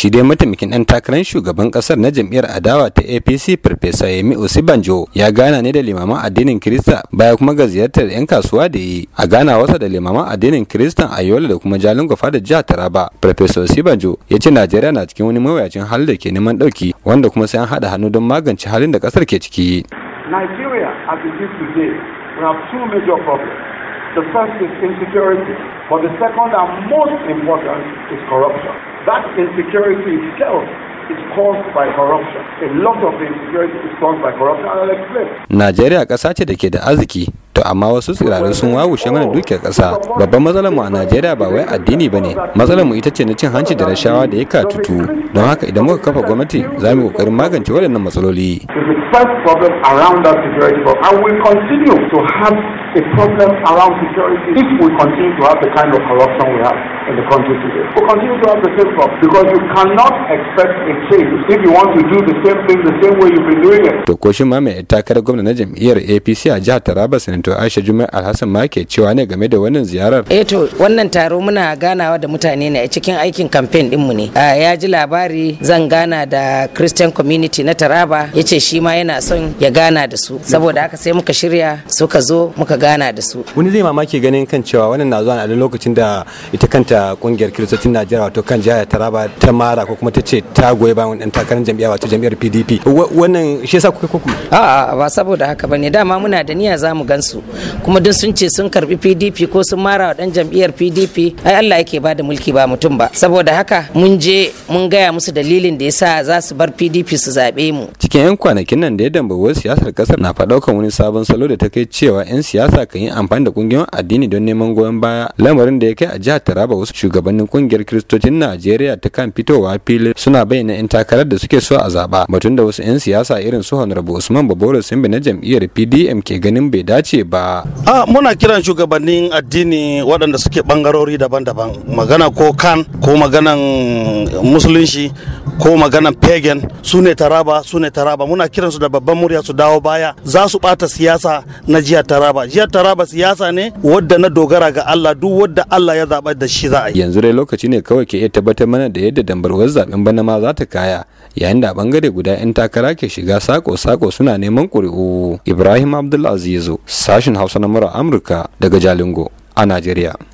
shi dai mataimakin ɗan takarar shugaban ƙasar na jam'iyyar adawa ta apc farfesa yemi osibanjo ya gana ne da limaman addinin kirista baya kuma ga ziyartar 'yan kasuwa da yi a gana wasa da limaman addinin kiristan ayola da kuma Jalin gwafa da jihar taraba farfesa osibanjo ya ce najeriya na cikin wani mawuyacin hali da ke neman ɗauki wanda kuma sai an haɗa hannu don magance halin da ƙasar ke ciki. Nigeria as it is today, we have two major problems. The first is insecurity, but the second and most important is corruption. That insecurity itself is caused by corruption. A lot of the insecurity is caused by corruption, and I'll explain. Najeriya ƙasa ce da ke da arziki, to amma wasu tsirarin sun wawushe mana dukiyar ƙasa. Babban matsalar mu a Najeriya ba wai addini ba ne, matsalar mu ita ce na cin hanci da rashawa da ya tutu. Don haka idan muka kafa gwamnati za mu kokarin magance waɗannan matsaloli. to problem around if we continue to have the kind of corruption we have. in the country today. We'll continue to have the same problem because you cannot expect a change if you want to do the same thing the same way you've been doing it. To koshin ma mai takarar gwamna na jam'iyyar APC a jihar Taraba Sanato Aisha Juma Alhassan ma ke cewa ne game da wannan ziyarar. Eh to wannan taro muna ganawa da mutane ne a cikin aikin kamfen mu ne. Ah, ya ji labari zan gana da Christian community na Taraba yace ce shi ma yana son ya gana da su saboda haka sai muka shirya suka zo muka gana da su. Wani zai mamaki ganin kan cewa wannan na zuwa a lokacin da ita kanta da kungiyar kiristocin najeriya wato kan jihar taraba ta mara ko kuma ta ce ta goyi bayan dan takarar jam'iyya wato jam'iyyar pdp wannan shi yasa kuka kuku a'a ba saboda haka bane dama muna da niyya za mu gansu kuma duk sun ce sun karbi pdp ko sun mara wa dan jam'iyyar pdp ai allah yake ba da mulki ba mutum ba saboda haka mun je mun gaya musu dalilin da yasa za su bar pdp su zaɓe mu cikin yan kwanakin nan da ya dambawa siyasar kasar na faɗaukan wani sabon salo da ta kai cewa yan siyasa kan yi amfani da kungiyoyin addini don neman goyon baya lamarin da ya kai a jihar taraba House shugabannin kungiyar kiristocin najeriya ta kan fitowa filin suna bayyana 'yan takarar da suke so a zaba batun da wasu 'yan siyasa irin su honorable usman baboro simbi na jam'iyyar pdm ke ganin bai dace ba a muna kiran shugabannin addini waɗanda suke bangarori daban-daban magana ko kan ko maganan musulunci ko maganan pagan su ne taraba su ne taraba muna kiransu da babban murya su dawo baya za su bata siyasa na jihar taraba jihar taraba siyasa ne wadda na dogara ga allah duk wadda allah ya zaba da shi za a yi yanzu dai lokaci ne kawai ke iya tabbatar mana da yadda dambarwar zaben bana ma za ta kaya yayin da bangare guda yan takara ke shiga sako sako suna neman ƙuri'u ibrahim abdulaziz sashin hausa na mura amurka daga jalingo a najeriya